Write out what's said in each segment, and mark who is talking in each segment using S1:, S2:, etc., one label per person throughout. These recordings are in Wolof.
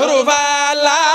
S1: survala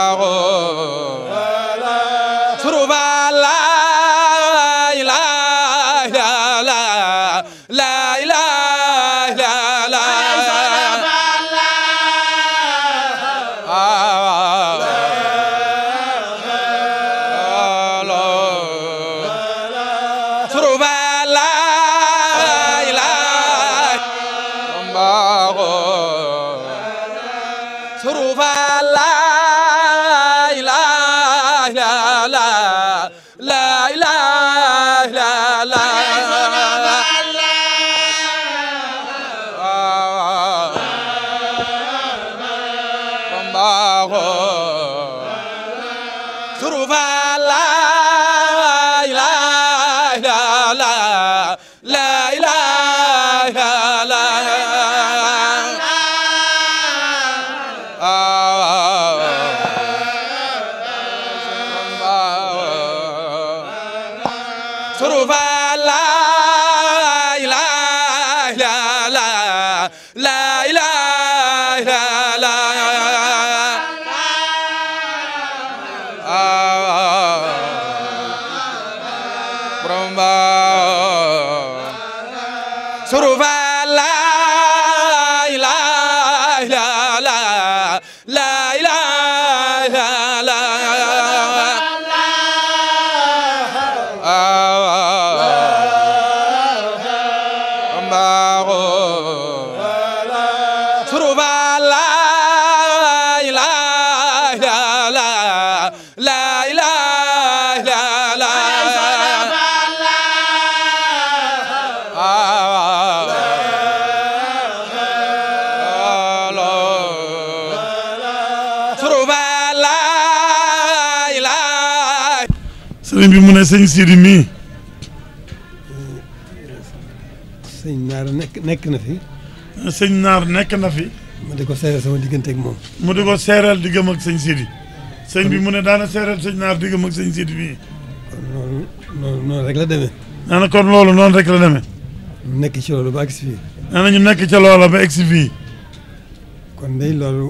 S1: waaw a ah,
S2: ne sëñ Sidi mii. sëñ Naar nekk nekk na fi. sëñ Naar nekk na fi. mu di ko seeral sama diggante ak moom. mu di ko seeral diggam ak sëñ Sidi. sëñ bi mu ne daana seeral sëñ Naar diggam ak sëñ Sidi mii. loolu noonu noonu rek la demee. nee na kon loolu noonu rek la demee. ñu nekk ci loolu ba egsi fii. nee na ñu nekk ca loola ba egsi fii. kon day loolu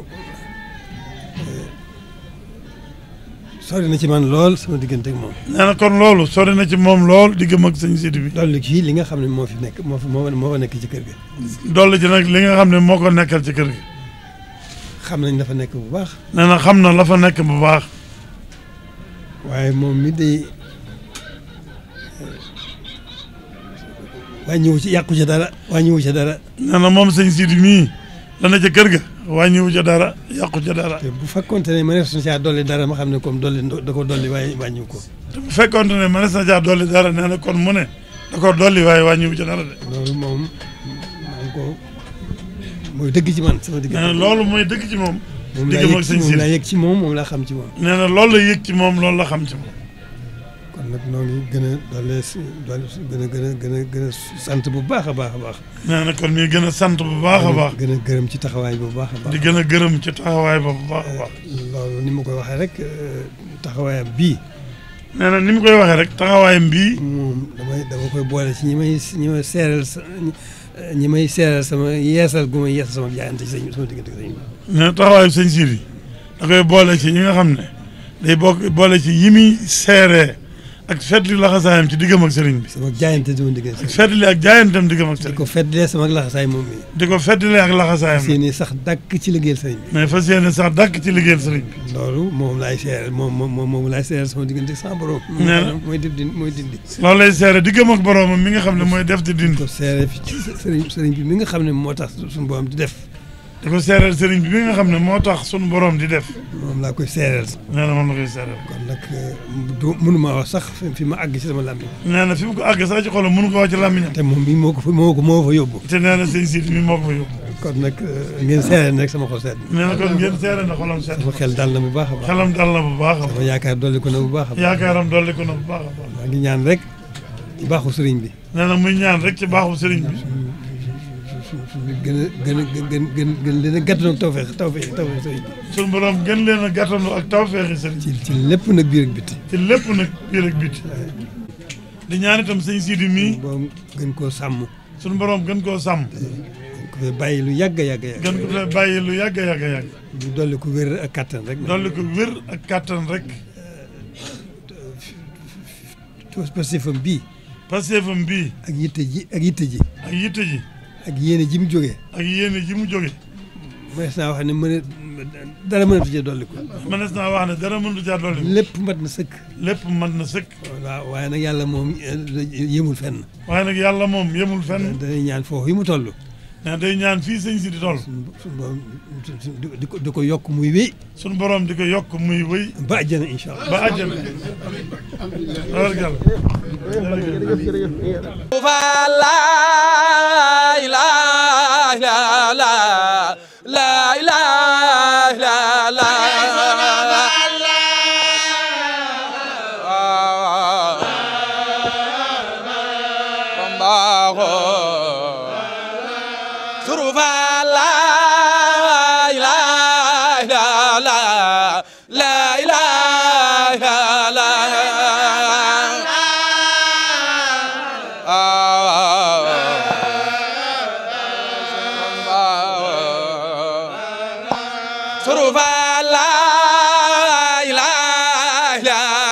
S2: sori na ci man lool sama diggante moom. nee na kon loolu sori na ci moom lool diggam ak sëñ Sidi bi. dolli ci li nga xam ne moo fi nekk moo moo moo nekk ci kër gi. dolli ci nag li nga xam ne moo ko nekkal ci kër gi. xam nañ la fa nekk bu baax. nee na xam na la fa nekk bu baax. waaye moom mi day wàññiwu ci yàqu ci dara waa wàññiwu ci dara. nee na moom sëñ Sidi mii. dana ca kër ga wàññiwu ca dara yàqu ca dara. bu fekkonte ne mënees na caa dolli dara xam ne comme dolli da ko dolli waaye wàññiwu ko. te bu fekkonte ne mënees na caa dolli dara kon mu ne ko dolli waaye wàññiwu ca dara loolu moom ko mooy dëgg ci man sama digg. nee na loolu mooy dëgg ci moom. digg moom sëñ si moom laa yëg ci moom moom laa xam ci moom. nee na loolu la yëg ci moom loolu la xam ci moom. kon nag a doole gën a gën a sant bu baax baax baax. nee na kon mi gën a sant bu baax baax. gën a gërëm ci taxawaay bu baax a baax. di a gërëm ci taxawaay bu baax a baax. Eh, loolu ni mu koy waxee rek eh, taxawaayam bii. nee na ni mu koy waxee rek taxawaayam bii. moom damay dama koy boole si ñi may ñi may seeral sa ñi may seeral sama yeesal gu may sa sama jaayante ci sama diggante sëñ bi. nee na taxawaayu sëñ Sidi da koy boole ci ñi nga xam ne day bokk boole ci yi muy seeree. ak fetli laxasaayam ci diggam ak sëriñ bi. sama jaayante sama diggam ak fetli ak jaayantam diggam ak sëriñ bi. di ko fetlee sama laxasaay sax dàkk ci liggéeyal sëriñ bi. mais fas yéene sax dàkk ci liggéeyal sëriñ bi. loolu moom laay seere moom moom moom laay seere sama diggante sama borom. mooy def di mooy dindi. loolu lay seere diggam ak boromam mi nga xam ne mooy def di dindi. ko seere fi bi mi nga xam ne moo tax suñu borom di def. di ko seeral sëriñ bi bi nga xam ne moo tax sunu borom di def. moom laa koy seeral. nee na moom la koy seeral. kon nag euh, du mënuma wax sax fi ma àgg ci sama làmmiñ. nee na fi mu ko àgg sax ci xolam mënu ko wax ci làmmiñam. te moom mii moo ko fa moo ko moo fa yóbbu. te nee na sëñ Sidi mii moo ko fa yóbbu. kon nag euh, ngeen seeral nag sama xol sedd. nee na kon ngeen seeral na xolam sedd. sama xel dal na bu baax a baax. xelam dal na bu baax a baax. sama yaakaar dolli ko na bu baax a baax. yaakaaram dolli ko na bu baax a baax. maa ngi ñaan rek ci baaxu sëriñ bi. nee na muy ñaan rek ci baaxu sëriñ bi gën a gën a gën gën gën leen a gàttandoo ak tawfeex tawfeex tawfeex sëriñ bi. gën leen a ak tawfeexi sëriñ lépp nag biir ak bitti. ci lépp nag biir ak bitti. di ñaan itam sëñ Sidi mii. gën koo sàmm. sunu borom gën koo sàmm. ko fee bàyyi lu yàgg yàgg yàgg. lu yàgg yàgg yàgg. ñu dolli ko wér ak kattan rek. dolli ko wér ak kattan rek. pastéefam bii. pastéefam bii. ak yitte ji ak yitte ji. ak yitte ji. ak yéene ji mu jógee. ak yéene ji mu jógee. mënees naa wax ne mëne dara mënatu cee dolli ko. mënees naa wax ne dara mënatu cee dolli ko. lépp mat na sëkk. lépp mat na sëkk. waaw waaye nag yàlla moom eh, yemul fenn. waaye nag yàlla moom yemul fenn. danay ñaan foofu yi mu toll. nee day ñaan fii sëñ di toll. suñu borom di ko yokk muy wéy. suñu borom di ko yokk muy wéy. ba àjjana incha allah ba àjjana.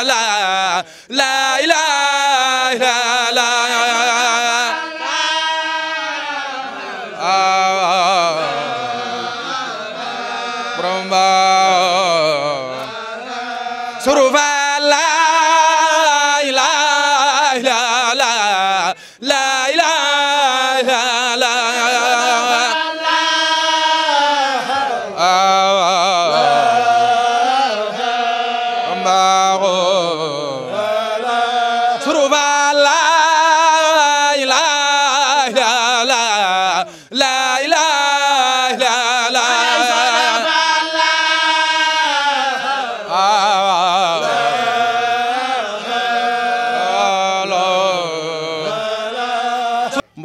S1: la la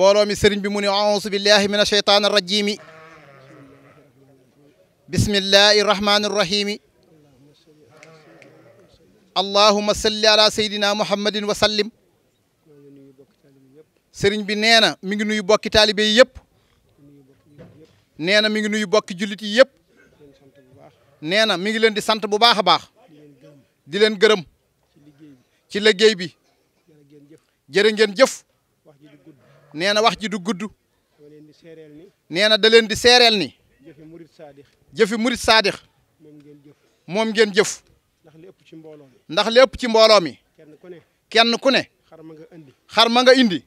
S3: mbooloo mi sëriñ bi mu ne auzu billahi min asheytaan arrajimi bismillahi rahmani rahimi allahuma salli ala seydina muhammadin wa sallim bi nee na mi ngi nuyu bokki taalibe yi yëpp nee na mi ngi nuyu bokki jullit yi yëpp nee na mi ngi leen di sant bu baax a baax di leen gërëm ci liggéey bi jërë ngeen jëf nee na wax ji du gudd. nee na da leen di seereel ni. jëfi murit saadix. jëfi murit saadix. moom ngeen jëf. moom ngeen jëf. ndax li ëpp ci mbooloo mi. ndax li ci mbooloo mi. kenn ku ne. kenn ku ne. xar ma nga indi. xar ma nga indi.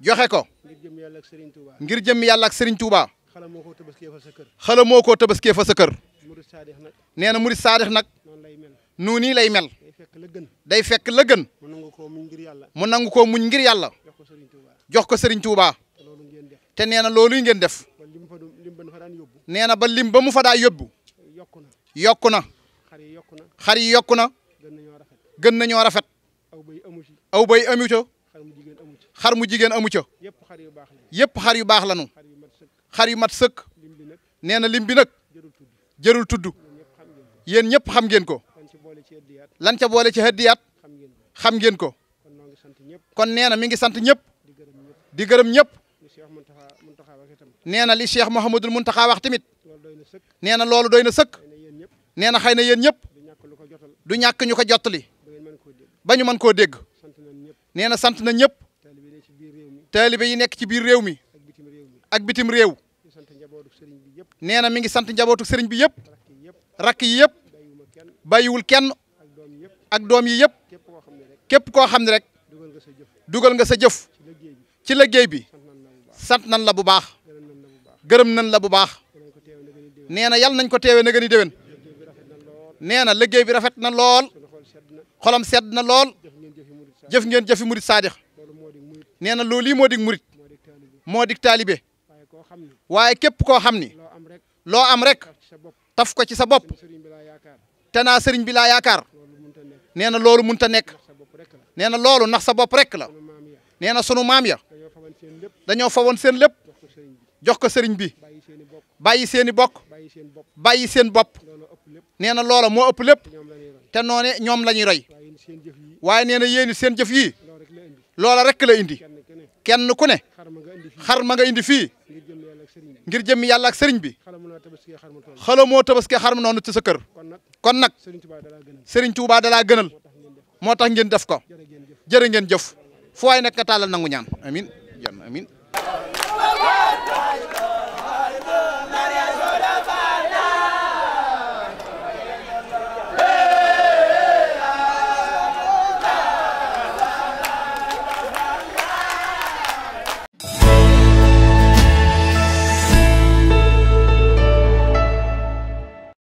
S3: joxe ko. joxe ko. ngir jëm yàlla ak Serigne Touba. ngir jëm yàlla ak Serigne Touba. xala moo koo tabaskee fa sa kër. xala moo koo tabaskee fa sa kër. murit saadix nag. nee na murit saadix nag. noonu lay mel. noonu nii lay mel. day fekk la gën. day fekk la gën. mu nangu koo muñ ngir yàlla. mu nangu koo muñ ngir yàlla. jox ko Serigne Touba te nee na loolu yi ngeen def nee na ba lim ba mu fa daa yóbbu yokku na xar yi yokku na gën ñoo rafet aw bay amu ca xar mu jigeen amu ca yëpp xar yu baax la lañu xar yu mat sëkk nee na lim bi nag jërul tudd yéen ñëpp xam ngeen ko lan ca boole ci hëddiyaat xam ngeen ko kon nee na mi ngi sant ñëpp di gërëm ñëpp nee na li Cheikh Mouhamadul Mountakha wax tamit nee na loolu doy na sëkk nee na xëy na yéen ñëpp du ñàkk ñu ko jottali ba ñu mën koo dégg nee na sant nañ ñëpp taalibe yi nekk ci biir réew mi ak bitim réew nee na mi ngi sant njabootu sëriñ bi yëpp rakk yi yëpp bàyyiwul kenn ak doom yi yëpp képp koo xam ne rek dugal nga sa jëf. ci liggéey bi sant nan la bu baax gërëm nan la bu baax nee na yàlla nañ ko teewee na gën a déwén nee na liggéey bi rafet na lool xolam sed na lool jëf ngeen jëfi murit saadix nee na loolu yi moo dig murit moo dig taalibe waaye képp koo xam ni loo am rek taf ko ci sa bopp te naa sëriñ bi laa yaakaar nee na loolu munta nekk nee na loolu nax sa bopp rek la nee na sunu maam ya dañoo fa woon seen lépp jox ko sëriñ bi bàyyi seen i bokk bàyyi seen bopp nee na loola moo ëpp lépp te noone ñoom la ñuy roy waaye nee na yéen seen jëf yii loola rek la indi kenn ku ne xar ma nga indi fii ngir jëmmi yàlla ak sëriñ bi xalamoo tabaski xar ma noonu ci sa kër kon nag sëriñ Tuubaa dalaa gënal moo tax ngeen def ko jërë ngeen jëf fu waay nekk tàllal nangu ñaan amin